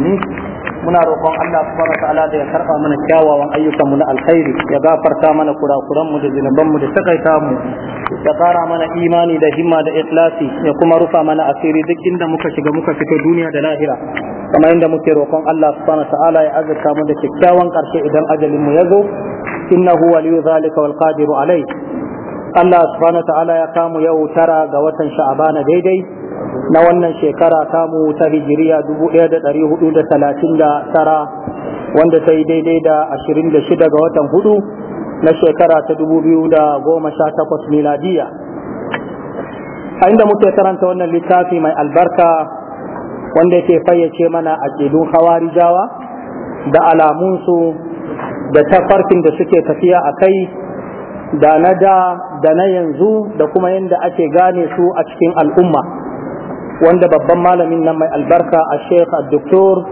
musulmi muna roƙon Allah subhanahu ta'ala da ya karɓa mana kyawawan ayyukan mu na alkhairi ya gafarta mana kurakuran mu da zinuban mu da takaita mu ya ƙara mana imani da himma da ikhlasi ya kuma rufa mana asiri duk inda muka shiga muka fito duniya da lahira kamar inda muke roƙon Allah subhanahu ta'ala ya azurta mu da kyakkyawan ƙarshe idan ajalin mu ya zo innahu waliyu zalika wal qadiru alai Allah subhanahu ta'ala ya kamu yau tara ga watan sha'abana daidai na wannan shekara tamu ta hijiriya 1439 wanda ta yi daidai da 26 ga watan hudu na shekara ta 2018 miladiya a inda muke karanta wannan littafi mai albarka wanda ke fayyace mana a hawari jawa da alamunsu da tafarkin da suke tafiya a kai da na da da na yanzu da kuma yadda ake gane su a cikin al'umma wanda babban malamin nan mai albarka a sheikh abdoktor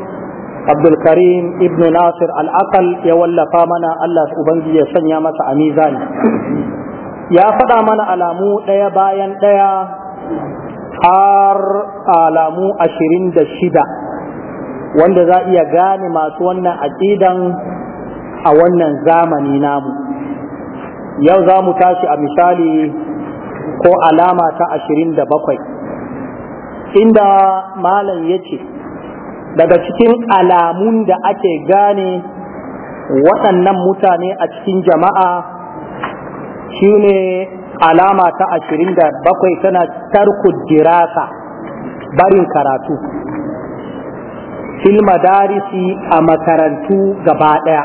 abdulkarim ibn nasir al'akal ya wallafa mana allah ubangiji ya sanya masa a mizani ya faɗa mana alamu ɗaya bayan ɗaya har alamu ashirin da shida wanda za iya gane masu wannan aƙidan a wannan zamani namu yau za mu tashi a misali ko alama ta ashirin da bakwai inda malam ya ce daga cikin alamun da ake gane waɗannan mutane a cikin jama'a shine alama ta ashirin da bakwai tana tarku dirasa barin karatu fil madarisi a makarantu gaba ɗaya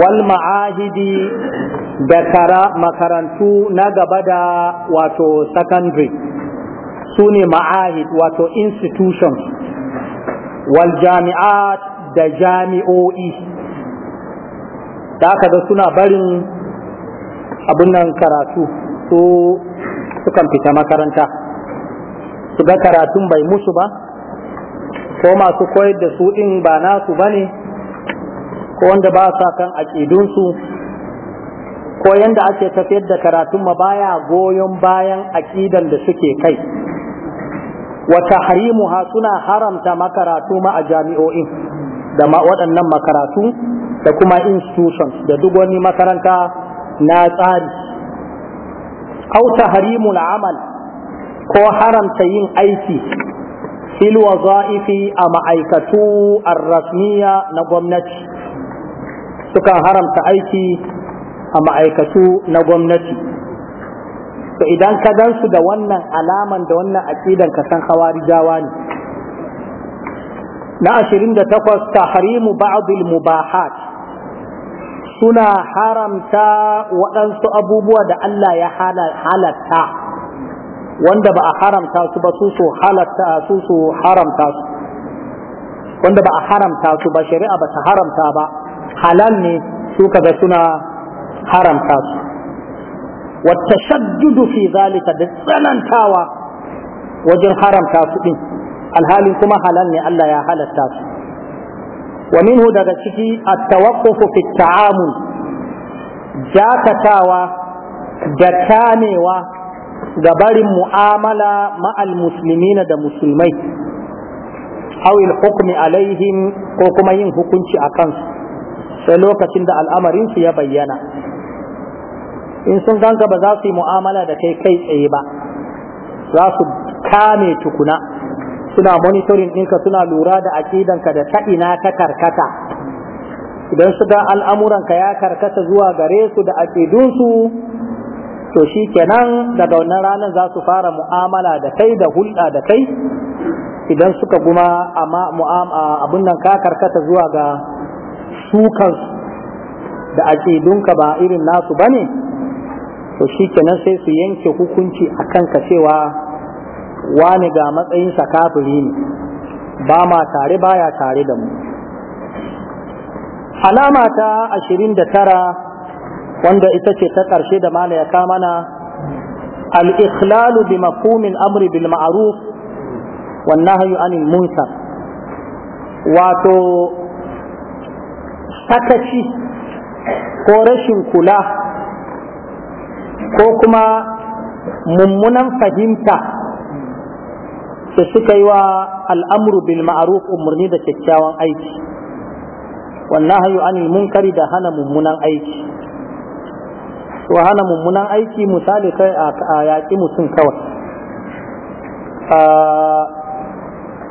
wal ma'ahidi da makarantu na gaba da wato secondary su ne ma'ahid wato institutions wal jami'at da jami'o'i da da suna barin abin nan karatu su sukan fita makaranta su ga karatun bai musu ba ko masu koyar da su ɗin ba nasu ba ne ko wanda ba sa kan aƙidunsu ko yanda ake tafiyar da karatu ma baya goyon bayan aƙidan da suke kai wa tahrimuha suna haramta makaratu ma a jami'o'in da waɗannan makaratu da kuma institutions da duk wani makaranta na tsari au tahrimul amal ko haramta yin aiki fil waza'ifi a ma'aikatu a rasmiya na gwamnati sukan haramta aiki a ma'aikatu na gwamnati to idan ka gansu da wannan alaman da wannan aqidan ka san khawarijawa ne na 28 tahrimu ba'd al-mubahat suna haramta waɗansu abubuwa da Allah ya halatta wanda ba a haramta su ba su halatta su haramta su wanda ba a haramta su ba shari'a ba ta haramta ba halal ne su kaga suna haramta su wata shaddudu fi zalika da tsanantawa wajen haramta su ɗin alhalin kuma halal ne Allah ya halarta su wa minhu daga ciki a tawakkufu fi ta'amul dakatawa da kamewa ga barin mu'amala ma'al musulmina da musulmai awil hukmi alaihim ko kuma yin hukunci a kansu sai lokacin da al'amarinsu ya bayyana in sun ganka ba za su yi mu'amala da kai kai tsaye ba za su kame tukuna suna monitoring ɗinka suna lura da aƙidanka da ta ina ta karkata idan su ga ka ya karkata zuwa gare su da aƙidunsu to shi kenan daga wannan ranar za su fara mu'amala da kai da hulɗa da kai idan suka kuma abun nan ka karkata zuwa ga sukansu da aƙidunka ba irin nasu bane to shi kenan sai su yanke hukunci a kanka cewa wani ga matsayin sa kafiri ne ba ma tare baya tare da mu alama ta ashirin da tara wanda ita ce ta ƙarshe da mala ya mana al-ikhlalu bi mafhumin amri bil ma'ruf wa nahyu anil munkar wato sakaci ko rashin kula ko kuma mummunan fahimta da suka yi wa al'amuru bil ma'aruf umarni da kyakkyawan aiki wannan hayu mun munkari da hana mummunan aiki to hana mummunan aiki misali kai a yaƙi mutum kawai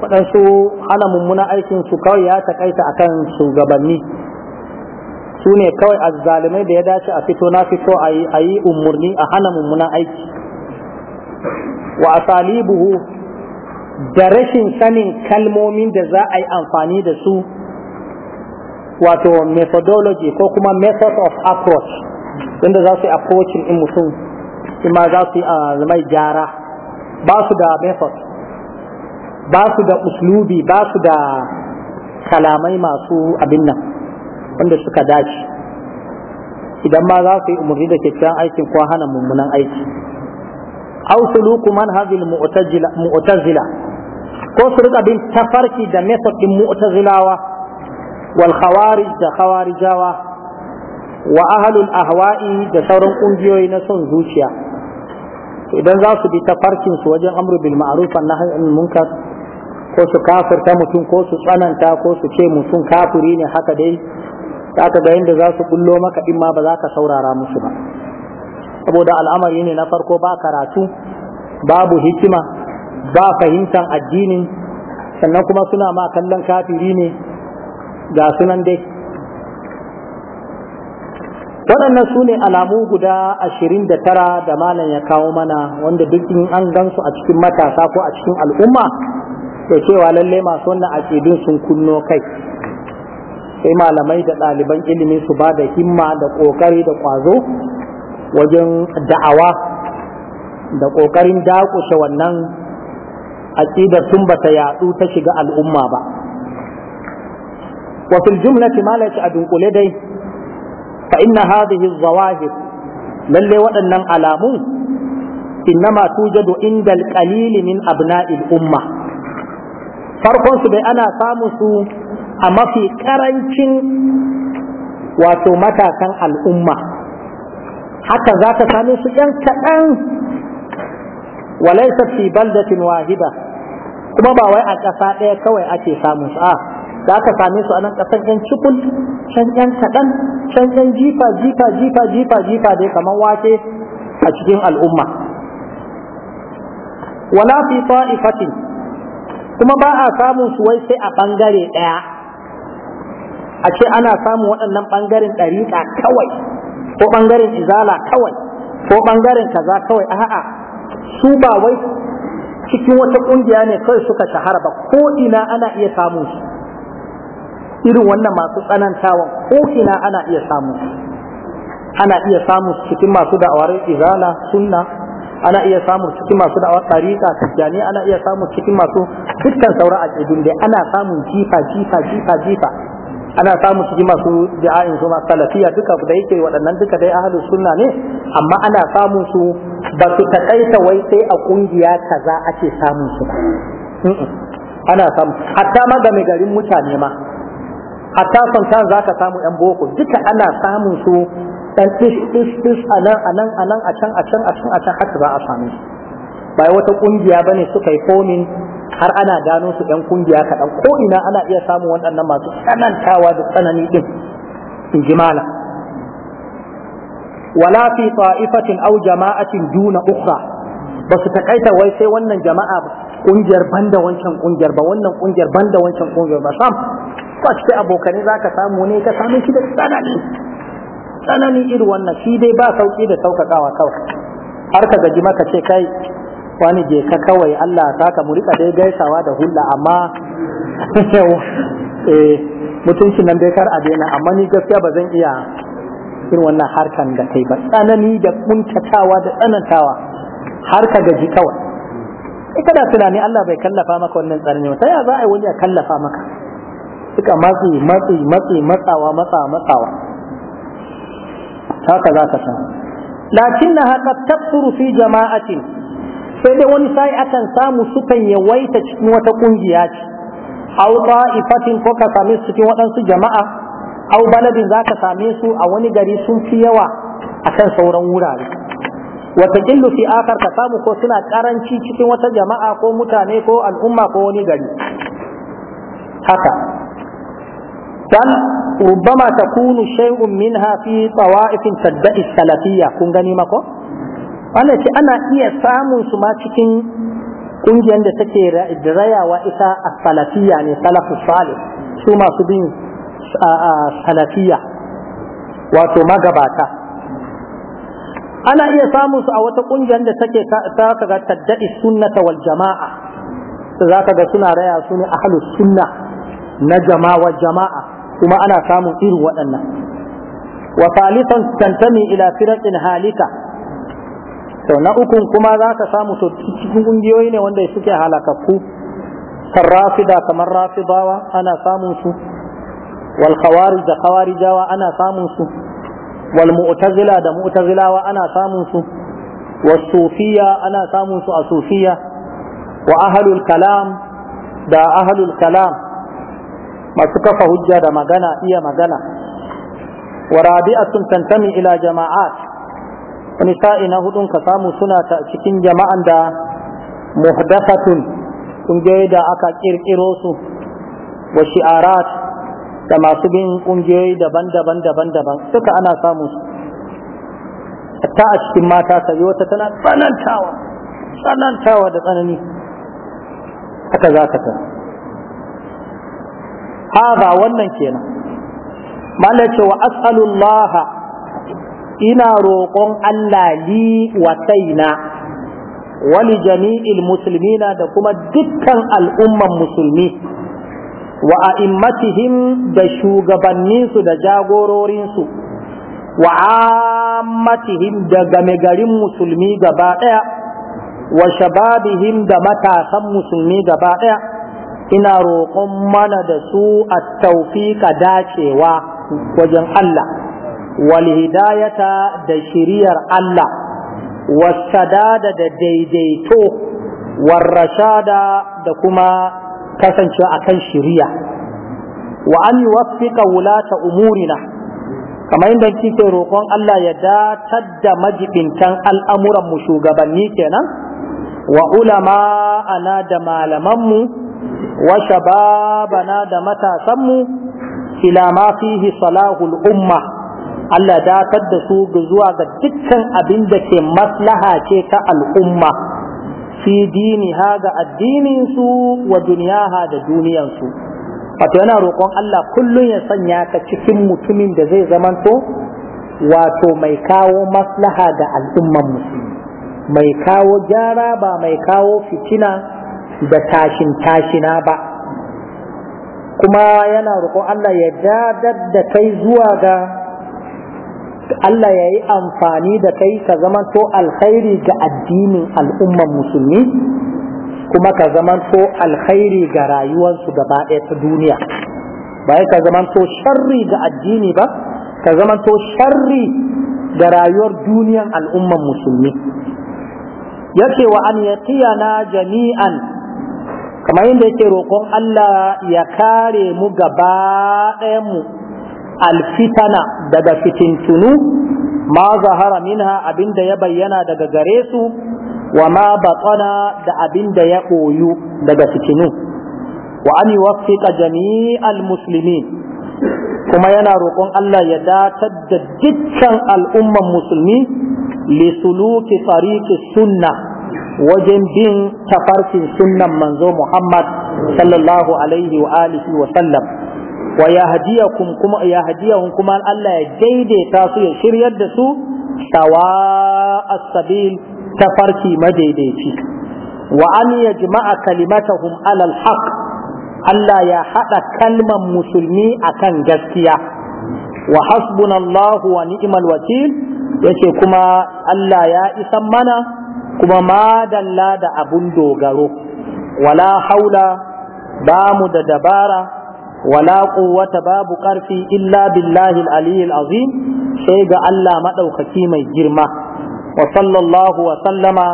waɗansu hana mummunan aikin su kawai ya takaita akan shugabanni su ne kawai zalimai da ya dace a fito na fito a yi umurni a hana mummuna aiki wa salibuhu da rashin sanin kalmomin da za a yi amfani da su wato methodology ko kuma method of approach inda za su yi approaching in mutum ima za su yi zama gyara ba su da method ba su da uslubi ba su da kalamai masu abin nan wanda suka dace idan ma za su yi umarni da kyakkyawan aikin ko hana mummunan aiki aw suluku manhajil mu'tazila ko su rika bin tafarki da method din mu'tazilawa wal khawarij da khawarijawa wa ahlul ahwa'i da sauran kungiyoyi na son zuciya to idan za su bi tafarkin su wajen amru bil ma'ruf an nahy munkar ko su kafirta mutum ko su tsananta ko su ce mutum kafiri ne haka dai da aka ga yadda za su bullo maka in ma ba za ka saurara musu ba saboda al'amari ne na farko ba karatu babu hikima ba fahimtar addini sannan kuma suna ma kallon kafiri ne ga sunan dai waɗannan su ne alamu guda ashirin da tara da malam ya kawo mana wanda duk in an su a cikin matasa ko a cikin al'umma da cewa lallai masu wannan aƙidun sun kunno kai sai malamai da ɗaliban ilimi su ba da himma da ƙoƙari da ƙwazo wajen da'awa da ƙoƙarin dakushe wannan aƙidar tun bata yaɗu ta shiga al'umma ba Wasu fil jumlati a dunkule dai fa inna hadhihi zawahir lalle waɗannan alamun innama tujadu inda alqalil min abna'il umma farkon su dai ana samu su a mafi karancin wato matakan al'umma haka za ka sami su ‘yan kaɗan walaisa fi baldatin wahida kuma ba wai a ƙasa ɗaya kawai ake samun su a za ka sami su a nan ƙasar ‘yan cikul can ‘yan kaɗan can ‘yan jifa jifa jifa jifa jifa dai kamar wake a cikin al'umma wala fi ta'ifatin kuma ba a samun su wai sai a ɓangare ɗaya a ce ana samun waɗannan ɓangaren ɗariƙa kawai ko ɓangaren izala kawai ko ɓangaren kaza kawai a'a su ba wai cikin wata ƙungiya ne kawai suka shahara ba ko ina ana iya samun su irin wannan masu tsanantawa ko ina ana iya samun su ana iya samun su cikin masu da'awar izala sunna ana iya samun cikin masu da'awar tariqa tijjani ana iya samun cikin masu dukkan sauran aƙidun dai ana samun jifa jifa jifa jifa ana samun cikin masu da'a'in su masu salafiya duka da yake waɗannan duka dai ahalu sunna ne amma ana samun su ba su taƙaita wai sai a ƙungiya kaza ake samun su ba ana samu hatta ma ga mai garin mutane ma hatta sometimes za ka samu yan boko duka ana samun su dan tis tis tis a nan a nan a nan a can a can a can a can haka za a samu su ba wata ƙungiya bane suka yi fomin har ana gano su ɗan kungiya kaɗan ko ina ana iya samun waɗannan masu tsanantawa da tsanani ɗin in ji mala wala fi ta'ifatin au jama'atin duna ukhra ba su takaita wai sai wannan jama'a kungiyar banda wancan kungiyar ba wannan kungiyar banda wancan kungiyar ba sam ko cikin abokane zaka samu ne ka samu shi da tsanani tsanani irin wannan shi dai ba sauki da saukakawa kawai har ka gaji maka ce kai wani je ka kawai Allah ka mu rika dai gaisawa da hula amma eh mutunci nan dai kar a daina amma ni gaskiya ba zan iya irin wannan harkan da kai ba tsanani da kuntatawa da tsanantawa har ka gaji kawai ita da tunani Allah bai kallafa maka wannan tsanani ba ta za a yi wani ya kallafa maka suka matsi matsi matsi matsawa matsawa matsawa haka za ka san lakinna haka tabsuru fi jama'atin sai dai wani sai akan samu sukan yawaita cikin wata kungiya ce au ta'ifatin ko ka same su cikin waɗansu jama'a au baladin za ka same su a wani gari sun fi yawa akan sauran wurare wata killu fi akar ka samu ko suna karanci cikin wata jama'a ko mutane ko al'umma ko wani gari haka dan ربما تكون شيء منها في طوائف تدعي السلفية kun gani mako? ana ce ana iya samun su ma cikin ƙungiyar da take rayawa ita a salafiya ne salafu salih su masu bin salafiya wato magabata ana iya samun su a wata ƙungiyar da take ta kaga taddadi sunnata wal jama'a za ka ga suna raya su ne ahlus sunna na jama'a jama'a kuma ana samun irin waɗannan wa salisan tantami ila firaqin halika to na uku kuma za ka samu to cikin kungiyoyi ne wanda suke halakakku kan rafida kamar rafidawa ana samun su wal da khawarijawa ana samun su wal mu'tazila da mu'tazilawa ana samun su Wa sufiya ana samun su a sufiya wa ahlul kalam da ahlul kalam masu kafa hujja da magana iya magana wa rabi'atun tantami ila jama'at wani sa'i na hudun ka samu suna ta cikin jama'an da muhdathatun kungiyoyi da aka kirkiro su wa shi'arat da masu bin kungiyoyi daban-daban daban-daban duka ana samu su ta a cikin mata ta yi ta tana tsanantawa tsanantawa da tsanani haka za ka tana haza wannan kenan malai ce wa as'alullaha ina roƙon Allah li wa kaina wali jami'il musulmina da kuma dukkan al'umman musulmi wa a'immatihim da shugabanninsu da jagororinsu wa ammatihim da game garin musulmi gaba ɗaya wa shababihim da matasan musulmi gaba ɗaya ina roƙon mana da su a taufiƙa dacewa wajen Allah walhidayata da shiriyar Allah wasadada da daidaito war rashada da kuma kasancewa akan shiriya wa an yuwaffiqa wulata umurina kamar yadda kike roƙon Allah ya datar da majibintan al'amuran mu shugabanni kenan wa ulama ana da malamanmu wa shababana da matasanmu ila ma fihi salahul umma Allah dafar da su zuwa ga dukkan abin da ke maslaha ce ta al'umma fi dini ha ga addinin wa duniya ha da duniyan wato yana roƙon Allah kullum ya sanya ka cikin mutumin da zai zamanto wato mai kawo maslaha ga al'umman musulmi mai kawo gyara ba mai kawo fitina da tashin tashina ba kuma yana roƙon Allah ya dadar da kai zuwa ga Allah ya yi amfani da kai ka zamanto alkhairi ga addinin al'umman musulmi kuma ka zaman alkhairi ga rayuwarsu gaba ɗaya ta duniya ba ka zama to sharri ga addini ba ka zaman to sharri ga rayuwar duniyan al'umman musulmi yace wa an yaqiyana jami'an kamar yadda yake roƙon Allah ya kare mu gaba ɗayan mu alfitana daga fitintunu ma zahara minha abinda ya bayyana daga gare su wa ma batana da abinda ya ɓoyu daga fitinu wa an yuwaffiqa jami'al kuma yana roƙon Allah ya datar da dukkan al'umman musulmi lisuluki tsariki sunna wajen bin tafarkin sunnan manzo Muhammad sallallahu alaihi wa alihi wa sallam wa yahdiyakum kuma yahdiyahum kuma Allah ya daidaita su ya shiryar da su sawa as-sabil tafarki madaidaici wa an yajma'a kalimatahum ala al-haq Allah ya hada kalman musulmi akan gaskiya wa hasbunallahu wa ni'mal wakil yace kuma Allah ya isan mana kuma madalla da abun dogaro wala haula ba mu da dabara wala wata babu ƙarfi illa billahi al-aliyyil sai ga Allah maɗaukaci mai girma wa sallallahu wa sallama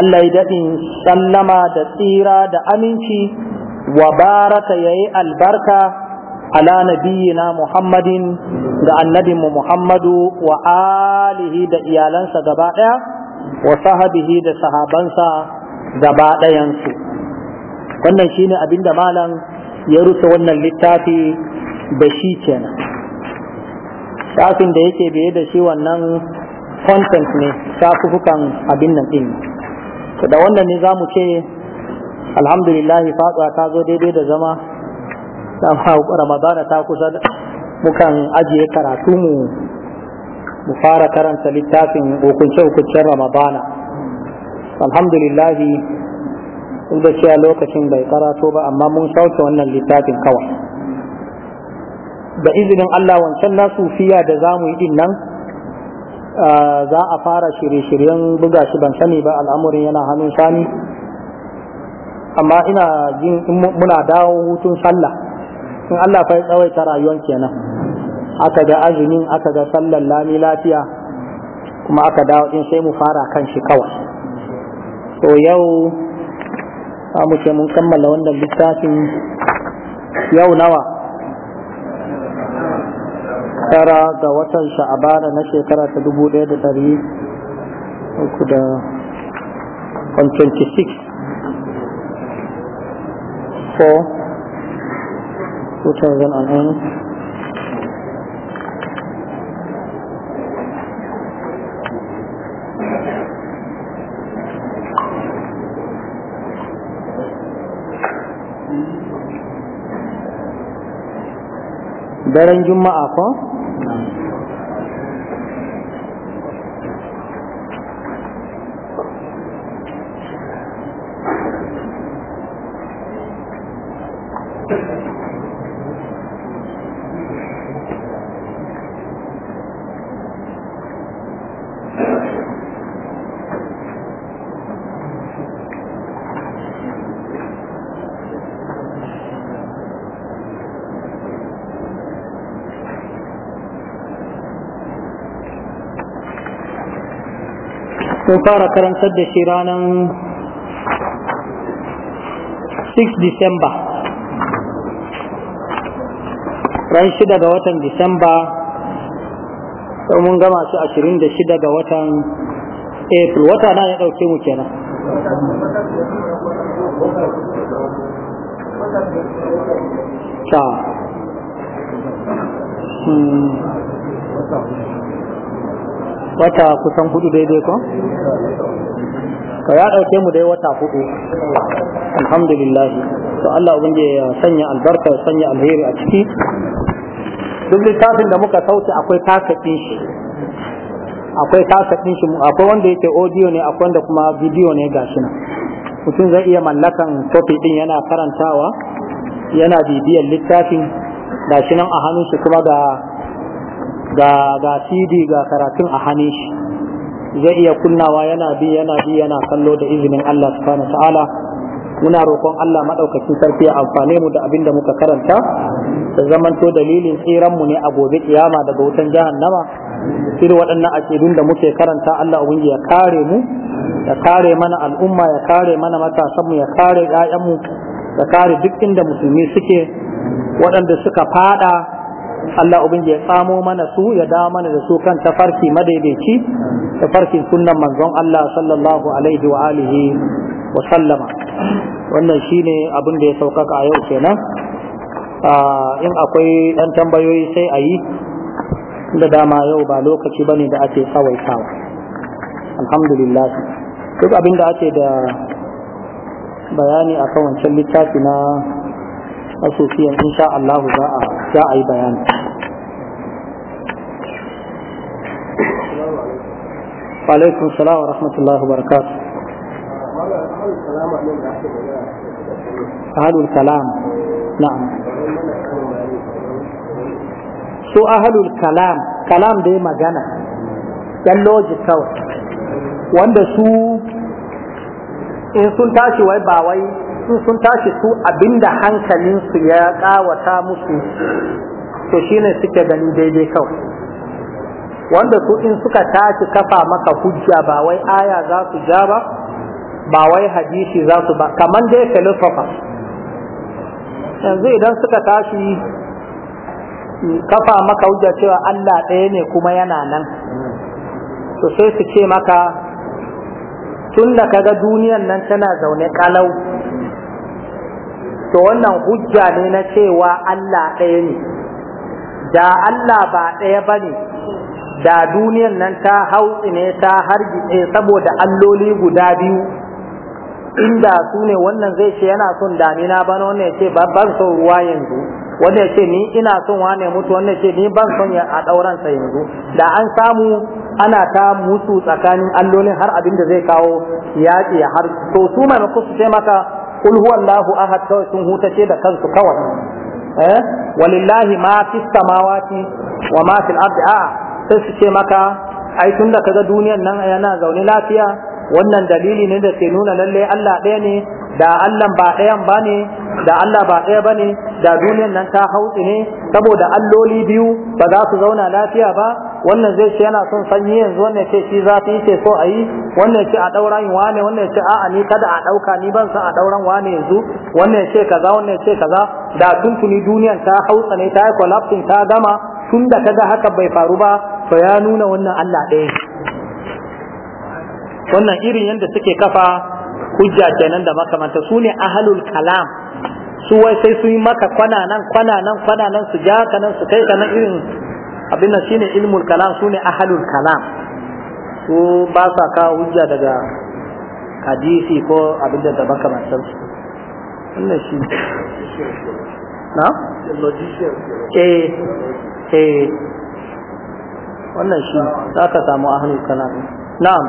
Allah ya dadin sallama da tsira da aminci wa baraka yayi albarka ala nabiyyina Muhammadin ga mu Muhammadu wa alihi da iyalansa gaba daya wa sahabihi da sahabansa gaba dayansu wannan shine abinda malam ya rusa wannan littafi da shi kenan tafin da yake biye da shi wannan content ne tafukan abin nan din. to da wannan ne zamu ce alhamdulillah fatsuwa ta zo daidai da zama ramadana ta kusa mukan ajiye karatu mu mu fara karanta littafin hukunce-hukuncen ramadana alhamdulillahi duk da cewa lokacin bai karato ba amma mun sauke wannan littafin kawai da izinin Allah wancan na sufiya da za mu yi din nan za a fara shirye-shiryen buga shi ban sani ba al'amurin yana hannun sani amma ina jin muna dawo hutun sallah in Allah fa ya tsawaita rayuwar kenan aka ga azumin aka ga sallar lami lafiya kuma aka dawo din sai mu fara kan shi kawai to yau mu ce mun kammala wannan littafin yau nawa tara ga watan sha'abana na shekara ta dubu daya da dari uku da 26 4 2009 daren juma'a ko mun fara karantar da shi ranar 6 Disamba ran 6 ga watan Disamba sau mun gama su 26 ga watan April wata na ya dauke mu kenan ta wata kusan hudu daidai ko? ka ya ɗauke mu dai wata hudu alhamdulillah to Allah ubangi ya sanya albarka ya sanya alheri a ciki duk littafin da muka sauti akwai kasafin shi akwai kasafin shi akwai wanda yake audio ne akwai wanda kuma video ne gashi nan mutum zai iya mallakan topic din yana karantawa yana bibiyar littafin gashi nan a hannun shi kuma ga ga ga cd ga karatun a hannun zai iya kunnawa yana bi yana bi yana kallo da izinin Allah subhanahu ta'ala muna roƙon Allah madaukakin sarki ya amfane mu da abin da muka karanta da zamanto dalilin tsiran mu ne a gobe kiyama daga wutan jahannama Kira waɗannan aƙidun da muke karanta Allah ubangiji ya kare mu ya kare mana al'umma ya kare mana matasanmu ya kare 'ya'yanmu ya kare duk inda musulmi suke waɗanda suka fada Allah ubangiji ya samo mana su ya da mana da su kan tafarki madaidaici tafarkin sunnan manzon Allah sallallahu alaihi wa alihi wa sallama wannan shine abin da ya saukaka a yau kenan in akwai dan tambayoyi sai a yi da dama yau ba lokaci bane da ake tsawaitawa alhamdulillah duk abin da ake da bayani akan wancan littafi na asusiyan insha Allah za a جاء أي بيان عليكم السلام ورحمة الله وبركاته أهل الكلام نعم سو أهل الكلام كلام دي مجانا يلوج يعني التوت وانده سو إن سنتاشي ويبا ويبا su sun tashi su abinda hankalinsu ya kawata musu to shine suke gani daidai kawai wanda su in suka tashi kafa maka hujja ba wai aya za su ja ba ba wai hadisi za su ba kamar dai filosofa yanzu idan suka tashi kafa maka hujja cewa Allah ɗaya ne kuma yana nan to sai su ce maka tun da kaga duniyan nan tana zaune kalau to wannan hujja ne na cewa Allah ɗaya ne da Allah ba ɗaya ba ne da duniyan nan ta hautsi ne ta hargitse saboda alloli guda biyu inda su ne wannan zai ce yana son damina ba wannan ya ce ban son ruwa yanzu wannan ya ce ni ina son wane mutu wannan ya ce ni ban son ya a ɗauransa yanzu da an samu ana ta mutu tsakanin allolin har abin da zai kawo yaƙi har to su maimakon su ce maka kul allahu ahad kawai sun huta ce da kansu kawai eh walillahi ma fi samawati wa ma fil ardi a sai su ce maka ai tun da kaga duniyan nan yana zaune lafiya wannan dalili ne da ke nuna lalle Allah ɗaya ne da Allah ba ba ne da Allah ba ɗaya ba ne da duniyan nan ta hautsi ne saboda alloli biyu ba za su zauna lafiya ba wannan zai ce yana son sanyi yanzu wannan ce shi zafi ce so a yi wannan ce a ɗauran wane wannan ce a'a ni kada a ɗauka ni ban san a ɗauran wane yanzu wannan ce kaza wannan ce kaza da tuntuni duniyan ta hautsa ne ta yi collapsing ta gama tun da kaga haka bai faru ba to ya nuna wannan Allah ɗaya wannan irin yadda suke kafa hujja kenan da makamanta su ne ahalul kalam su wai sai su yi maka kwana nan kwana nan kwana nan su ja ka nan su kai ka nan irin abin nan shine ilmul kalam su ne ahalul kalam su ba sa kawo hujja daga hadisi ko abin da makamantan su wannan shi na? eh eh wannan shi za ka samu ahalul kalam na'am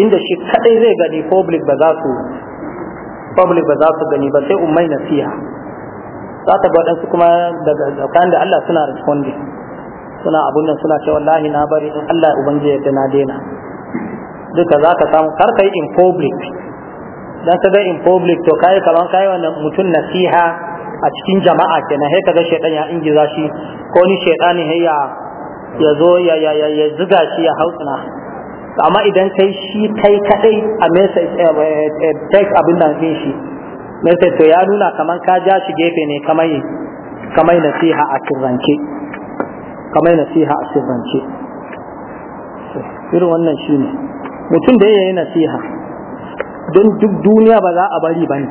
inda shi kadai zai gani public ba za su public ba za su gani ba sai ummai nasiha za ta ga su kuma daga tsakanin da Allah suna responding suna abun nan suna cewa wallahi na bari in Allah ubangi ya na daina duka za ka samu kar kai in public dan ka ga in public to kai kaman kai wannan mutum nasiha a cikin jama'a kenan sai kaga shedan ya ingiza shi ko ni shedani hayya ya zo ya ya ya zuga shi ya hausuna. amma idan kai shi kai kadai a message eh, eh, eh, text abin da din shi message to ya nuna kaman ka ja shi gefe ne kamai kamai nasiha a kirrance kamar nasiha a sirrance irin wannan shi ne mutum da yi nasiha don duk duniya ba za a bari ba ne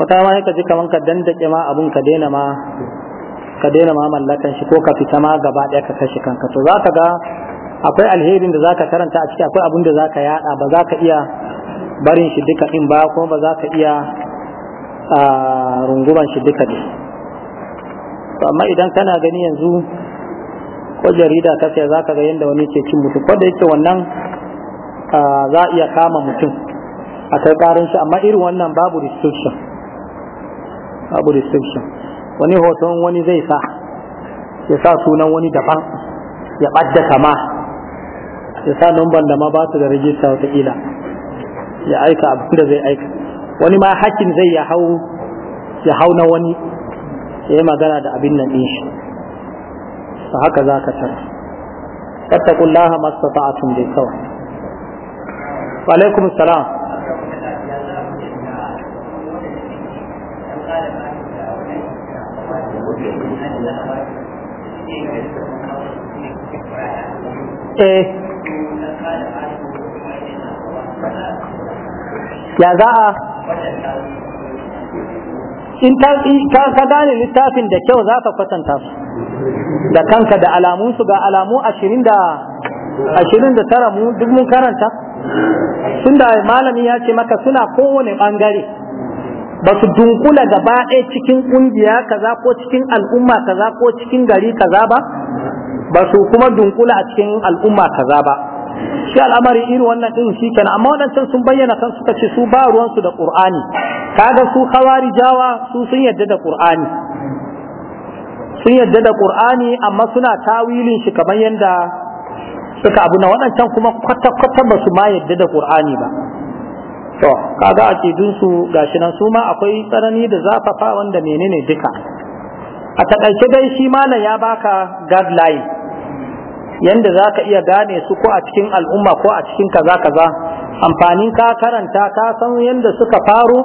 wata ma ka ji kaman ka dandake ma abun ka daina ma ka daina ma mallakan shi ko ka fita ma gaba ɗaya ka kashe kanka to za ka ga akwai alherin da zaka karanta a ciki akwai abin da zaka yada ba za ka iya barin shi duka din ba kuma ba za ka iya runguman shi duka din amma idan kana gani yanzu ko jarida ka sai za ka ga yadda wani ke cin mutum ko da yake wannan za a iya kama mutum a kai karin shi amma irin wannan babu restriction babu restriction wani hoton wani zai sa ya sa sunan wani daban ya ɓadda kama ya sa numban da ma ba su da wata wataƙila ya aika abu da zai aika wani ma hakkin zai ya hau ya hau na wani ya yi magana da abin nan ɗin shi ta haka za ka tara a tun dai kawai wa alaikum salam eh ya za a in ka gane littafin da kyau za ka kwatanta su da kanka da alamun su ga alamu ashirin da ashirin da tara mu duk mun karanta da malami ya ce maka suna kowane bangare ba su dunkula gaba ɗaya cikin ƙungiya kaza ko cikin al'umma kaza ko cikin gari kaza ba ba su kuma dunkula a cikin al'umma kaza ba shi al'amari iri wannan din shi kenan amma waɗancan sun bayyana kan suka ce su ba ruwan su da qur'ani kaga su khawari jawa su sun yadda da qur'ani sun yadda da qur'ani amma suna tawilin shi kamar yadda suka abu na waɗancan kuma kwata kwata ba su ma yadda da qur'ani ba to kaga akidun su gashi nan su ma akwai tsanani da zafafa wanda menene duka a takaice dai shi malam ya baka guideline yanda za ka iya gane su ko a cikin al'umma ko a cikin kaza kaza amfani ka karanta ka san yanda suka faru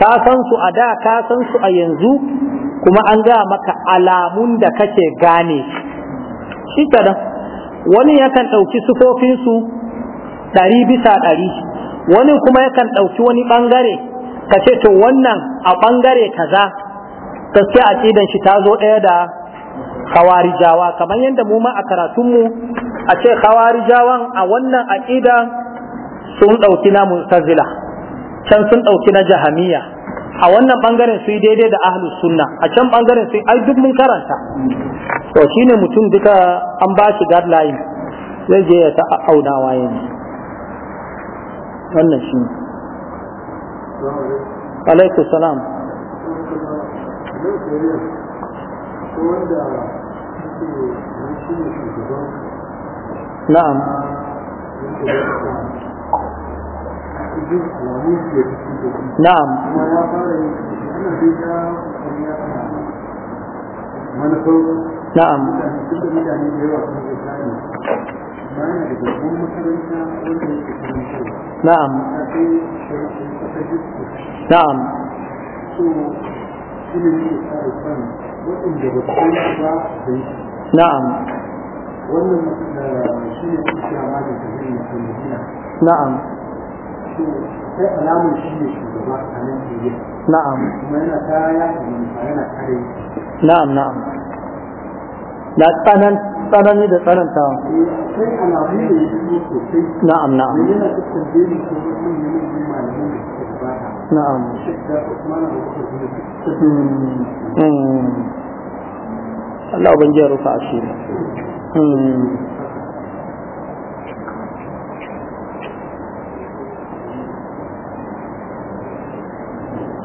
ka san su a da ka san su a yanzu kuma an ga maka alamun da kake gane shi kadan wani yakan ɗauki sufofinsu ɗari bisa ɗari wani kuma yakan ɗauki wani ɓangare ka ce to wannan a ɓangare kaza gaskiya aƙidan shi ta zo ɗaya da khawarijawa kamar yadda mu ma a karatunmu a ce khawarijawan a wannan aqida sun ɗauki na mu'tazila can sun ɗauki na jahamiya a wannan bangaren su yi daidai da ahlus sunna a can bangaren su ai duk mun karanta to shine mutum duka an ba shi guideline zai je ya ta aunawa yanzu wannan shi alaikum salam na'am na'am na'am na'am na'am ilimi da tsari kan waɗanda ba su ba da نعم آه، نعم إيه، نعم نعم نعم لا تنن تنن ده تنن تاو نعم نعم نعم نعم Allah ban jiya rufa asiri da hmm.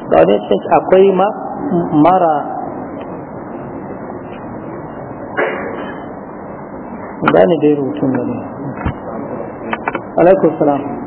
wani cikin akwai mara gane dai rutun da ne. alaikun salam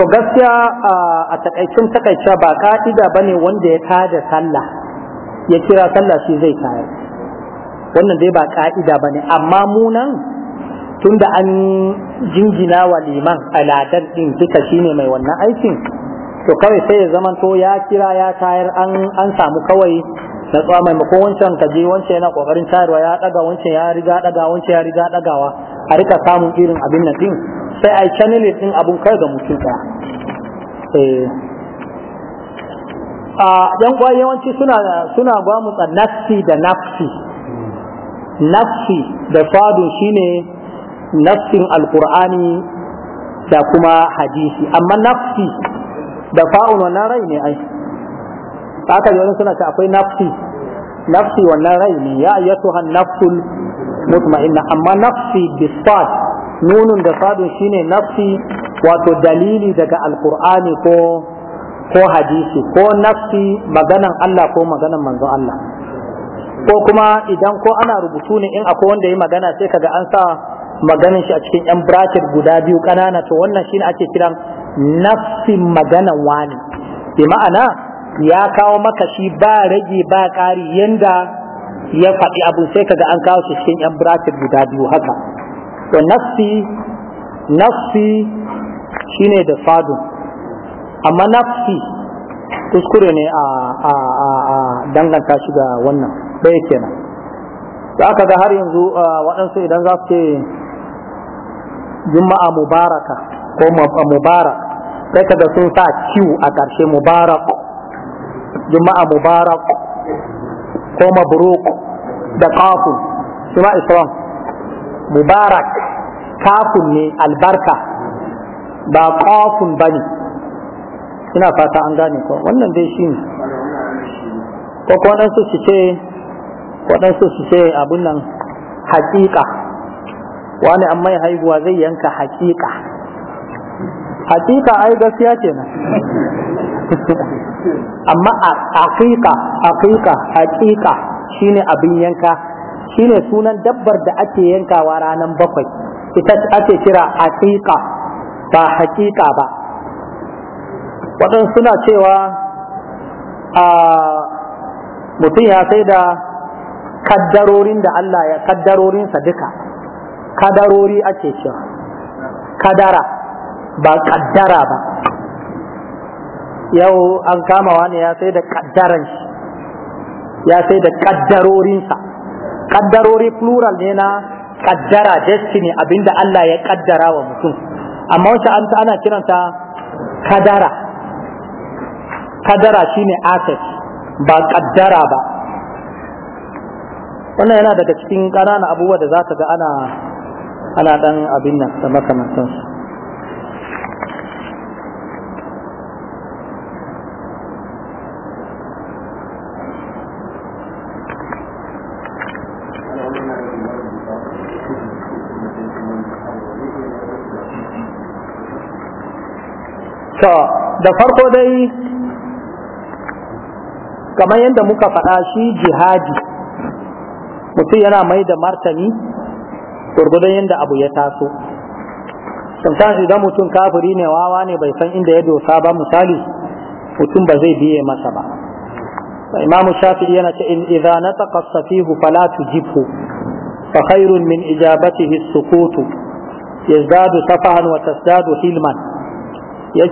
to gaskiya a takaicin takaice ba ka'ida ba ne wanda ya tada sallah ya kira sallah shi zai tayar wannan dai ba ka'ida ba ne amma munan tunda an jingina wa liman aladar din duka shine mai wannan aikin to kawai sai ya to ya kira ya tayar an samu kawai na tsawa maimakon wancan ka je wancan yana kokarin tayarwa ya daga wancan ya riga daga wancan ya riga dagawa a rika samun irin abin na din sai a yi channeling din abun kai ga mutum ɗaya eh. yan kwa yawanci suna suna ba mu nafsi da nafsi nafsi da fadun shine nafsin Alkur'ani da kuma hadisi amma nafsi da fa'un wannan rai ne ai haka yawan suna ta akwai nafsi nafsi wannan rai ne ya ayyatuhan nafsul mutma'inna amma nafsi bisfat nunun da sadun shine nafsi wato dalili daga alkur'ani ko ko hadisi ko nafsi maganan Allah ko maganan manzo Allah ko kuma idan ko ana rubutu ne in akwai wanda ya magana sai kaga an sa maganin shi a cikin yan bracket guda biyu kanana to wannan shine ake kiran nafsin maganan wani bi ma'ana ya kawo maka shi ba rage ba kari yanda ya faɗi abu sai kaga an kawo shi cikin yan bracket guda biyu haka to nafsi nafsi shine da fadu amma nafsi kuskure ne a danganta shi ga wannan ɗaya kenan to aka ga har yanzu waɗansu idan za su ce juma'a mubaraka ko mubarak sai kaga sun sa ciwo a ƙarshe mubarak juma'a mubarak ko mabruk da kafin suna islam mubarak kafin ne albarka ba kafin ba ne ina fata an gane ko wannan dai shi ne ko waɗansu su ce waɗansu su ce abin nan haƙiƙa wani an mai haihuwa zai yanka haƙiƙa haƙiƙa ai gaskiya ce na amma hakika hakika haƙiƙa shine abin yanka shine sunan dabbar da ake yankawa ranar bakwai ita ake kira haƙiƙa ba haƙiƙa ba waɗansu suna cewa a mutum ya sai da kaddarorin da Allah ya kaddarorinsa duka kadarori ake cewa kadara ba kaddara ba yau an kama wani ya sai da kaddaran shi ya sai da kaddarorinsa kaddarori plural ne na kaddara destiny abinda Allah ya kaddara wa mutum amma wacce an ana kiranta kadara kadara shine asset ba kaddara ba wannan yana daga cikin ƙananan abubuwa da za ka ga ana ana dan abin nan da makamantansu to da farko dai kamar yadda muka faɗa shi jihadi mutum yana mai da martani gurgudan yadda abu ya taso sometimes idan mutum kafiri ne wawa ne bai san inda ya dosa ba misali mutum ba zai biye masa ba imam shafi'i yana ce in idza nataqa safihu fala tujibhu fa khairun min ijabatihi as-sukut yazdadu safahan wa tasdadu hilman ya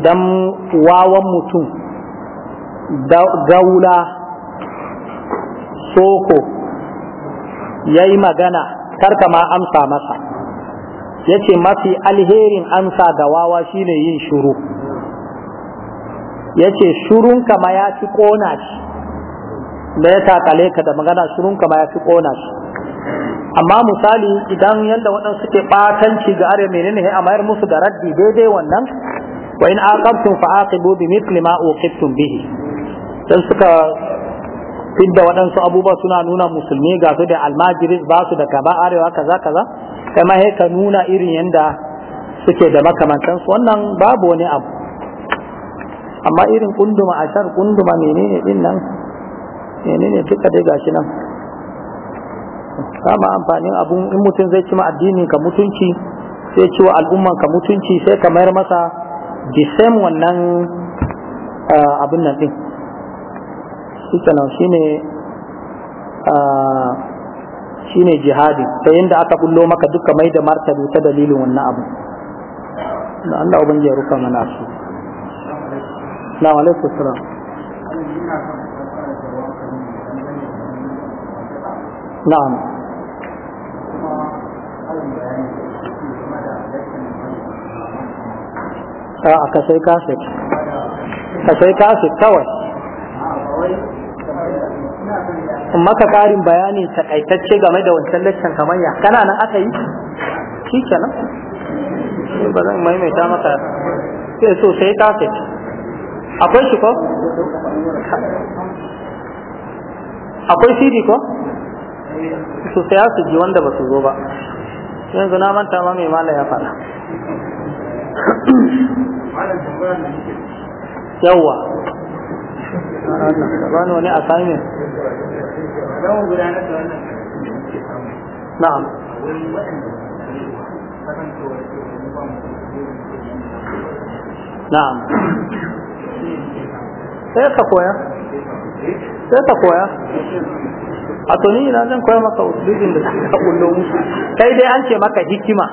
idan wawan mutum gaula soko ya yi magana karka ma amsa masa ya mafi alherin amsa ga wawa shine yin shuru ya ce shurun kama ya fi kona shi da ya takale ka da magana shurun kama ya fi kona shi amma misali idan yadda waɗansu suke ɓatanci ga are menene a mayar musu da raddi daidai wannan wa in aqabtum fa aqibu bi mithli ma uqibtum bihi dan suka fidda waɗansu abubuwa suna nuna musulmi ga su da almajiris ba su da kaba arewa kaza kaza Kama ma ka nuna irin yadda suke da makamantansu wannan babu wani abu amma irin kunduma ashar kunduma menene din nan menene duka dai gashi nan kama amfanin abun in mutum zai ci ma addinin ka mutunci sai ci wa al'umman ka mutunci sai ka mayar masa the same wannan ah, abun nan din shi kenan shine ah, shine jihadi ta yadda aka bullo maka duka mai da martabi ta dalilin wannan abu da Allah ubangiji ya rufa mana su na alaikum assalam نعم a ka sai kaset ka sai kaset kawai maka karin bayani takaitacce game da wancan lashen kamanya kana nan aka yi shi nan. ba zan maimaita maka sai so sai kaset akwai shi ko akwai cd ko su saya su ji wanda ba su zo ba yanzu na manta ma mai mala ya faɗa yawwa wani wani a sami na'am na'am sai ka koya sai ka koya a to ni ina zan koya maka dukkan da suka kullo musu kai dai an ce maka hikima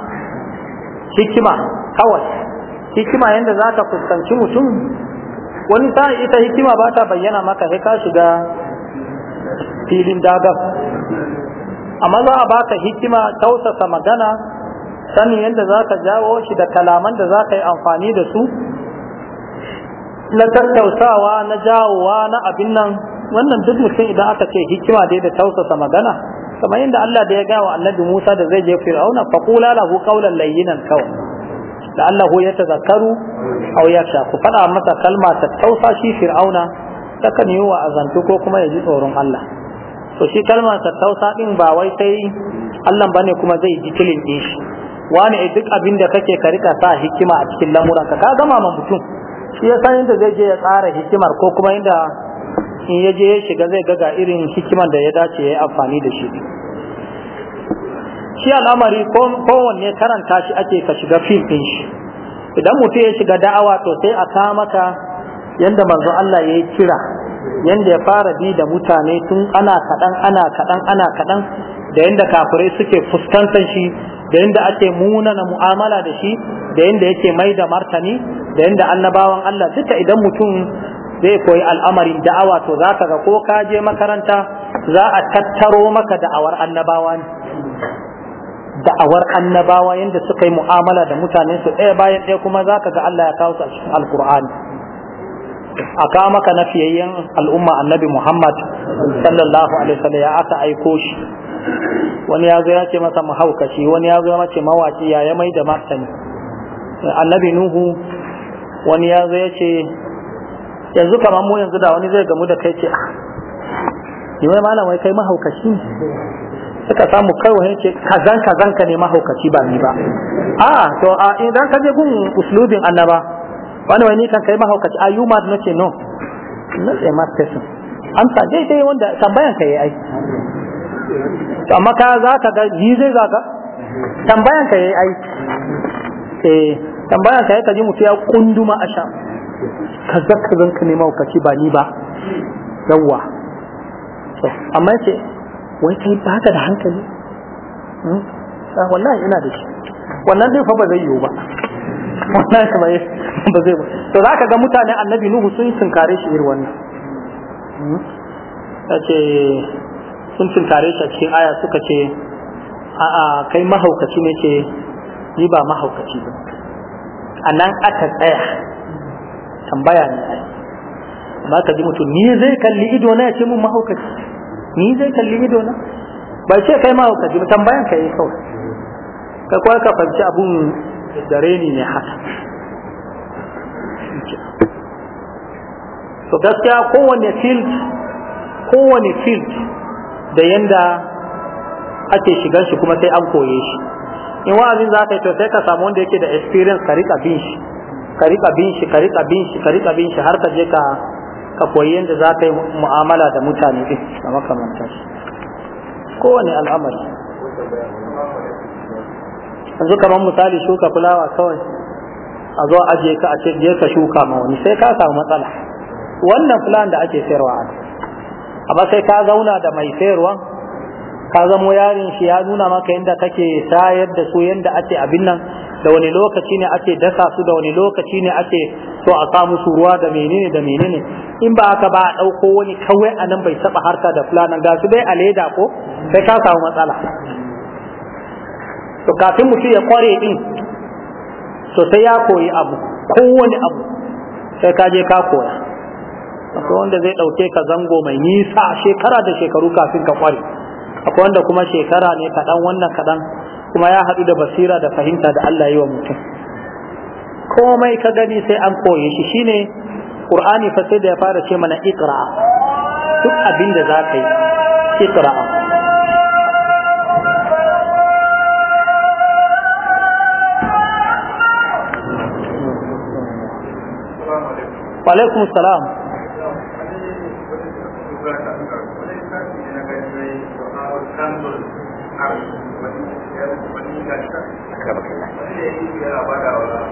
hikima kawai hikima yanda za ka fuskanci mutum wani ta ita hikima ba ta bayyana maka sai ka shiga filin dagar amma za a baka hikima tausasa magana sanin yadda za ka jawo shi da kalaman da za ka yi amfani da su na tattausawa na jawowa na abin nan wannan duk mutum idan aka ce hikima dai da tausasa magana kamar yadda Allah da ya gawa annabi Musa da zai je Fir'auna fa qula lahu qawlan layyinan kaw da Allah ya tazakkaru aw yaksha ku fada masa kalma ta tausa shi Fir'auna kan yi wa azantu ko kuma ya ji tsoron Allah to shi kalmar ta tausa din ba wai sai Allah bane kuma zai ji kilin din shi wani eh, duk abin da kake ka rika sa hikima a cikin lamuranka ka gama ma mutum shi ya san yadda zai je ya tsara hikimar ko kuma yadda in ya je ya shiga zai ga irin hikiman da ya dace ya yi amfani da shi shi al'amari kowanne karanta shi ake ka shiga fim ɗin shi idan mutum ya shiga da'awa to sai a kama maka yadda manzo Allah ya yi kira yadda ya fara bi da mutane tun ana kaɗan ana kaɗan ana kaɗan da yadda kafirai suke fuskantar shi da yadda ake munana mu'amala da shi da yadda yake mai da martani da yadda annabawan Allah duka idan mutum zai koyi al'amarin da'awa to za ka ga ko ka je makaranta za a tattaro maka da'awar annabawa ne da'awar annabawa yadda suka yi mu'amala da mutane su ɗaya bayan ɗaya kuma za ka ga Allah ya kawo su a cikin alkur'ani a kawo maka na fiyayyen al'umma annabi muhammad sallallahu alaihi wasallam ya aka aiko shi wani ya zo ya ce masa mahaukaci wani ya zo ya mawaki ya ya mai da martani annabi nuhu wani ya zo ya ce yanzu kamar mu yanzu da wani zai gamu da kai ce ah malam wai kai mahaukaci suka samu kawai yake kazan kazan ka ne mahaukaci ba ni ba a ah, to a idan ka je gun uslubin annaba wani wani kan kai mahaukaci are you mad nace no na a mad person amsa dai dai wanda tambayan ka yayi ai to amma ka za ka ga yi zai za ka tambayan ka yayi ai eh tambayan ka yayi ka ji mutu ya kunduma a sha zaka zan ka nema ka ba ni ba yawwa amma ce wai kai ba ka da hankali hmm? ah, wallahi ina da shi wannan dai fa ba zai yiwu ba wannan kuma eh, ba zai ba to zaka ga mutane annabi nuhu sun yi tunkare shi irin wannan hmm? ce sun tunkare shi a cikin aya suka ce a'a kai mahaukaci ne ce ni ba mahaukaci ba a nan aka tsaya tambaya ne ai amma ka ji mutum ni zai kalli ido na ya ce mun mahaukaci ni zai kalli ido na ba ce kai mahaukaci ba tambayan ka yi kawai ka kawai ka fahimci abun dare ni ne haka so gaskiya kowane field kowane field da yanda ake shigar shi kuma sai an koye shi in wa'azin za ka yi to sai ka samu wanda yake da experience ka rika bin shi ka riƙa bin shi ka riƙa bin shi ka riƙa bin shi har ka je ka ka koyi yadda za ka yi mu'amala da mutane din da makamantar kowane al'amari yanzu kamar misali shuka fulawa kawai a zo aje ka a ce je ka shuka ma wani sai ka samu matsala wannan fulan da ake sayarwa a amma sai ka zauna da mai sayarwa ka zamo yarin shi ya nuna maka yadda kake sayar da su yadda ake abin nan da wani lokaci ne ake dasa su da wani lokaci ne ake so a samu su ruwa da menene da menene in ba haka ba a ɗauko wani kawai a nan bai taɓa harka da fulanan ga su dai a leda ko sai ka samu matsala to kafin mutum ya kware din to sai ya koyi abu kowane abu sai ka je ka koya akwai wanda zai ɗauke ka zango mai nisa shekara da shekaru kafin ka kware akwai wanda kuma shekara ne kaɗan wannan kaɗan kuma ya haɗu da basira da fahimta da Allah yi wa mutum komai ka gani sai an koye shi shine qur'ani fa sai da ya fara ce mana iqra duk abin da za yi iqra wa alaikum salam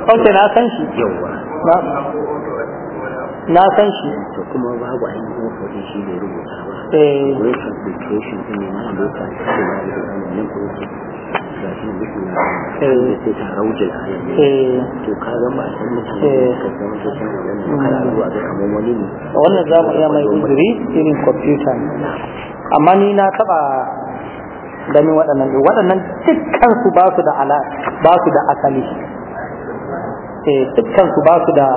ok na san shi na san shi to kuma babu ba eh great application ne eh. da rubuta eh. hmm. ne da sai wannan za mu iya mai injiri irin computer amma ni na taba ganin waɗannan waɗannan dukkan ba su da asali Eh, dukkan su ba su da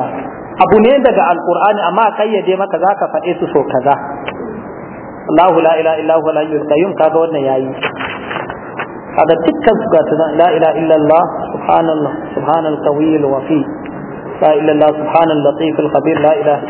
abu ne daga alkur'ani amma kayyade maka za ka faɗe su so kaza Allahu la ila illa huwa al-hayyul qayyum kaga wannan yayi kaga dukkan su ga la ila illa Allah subhanallah subhanal qawiyil wafi la ilaha illa Allah subhanal latifil khabir la ila.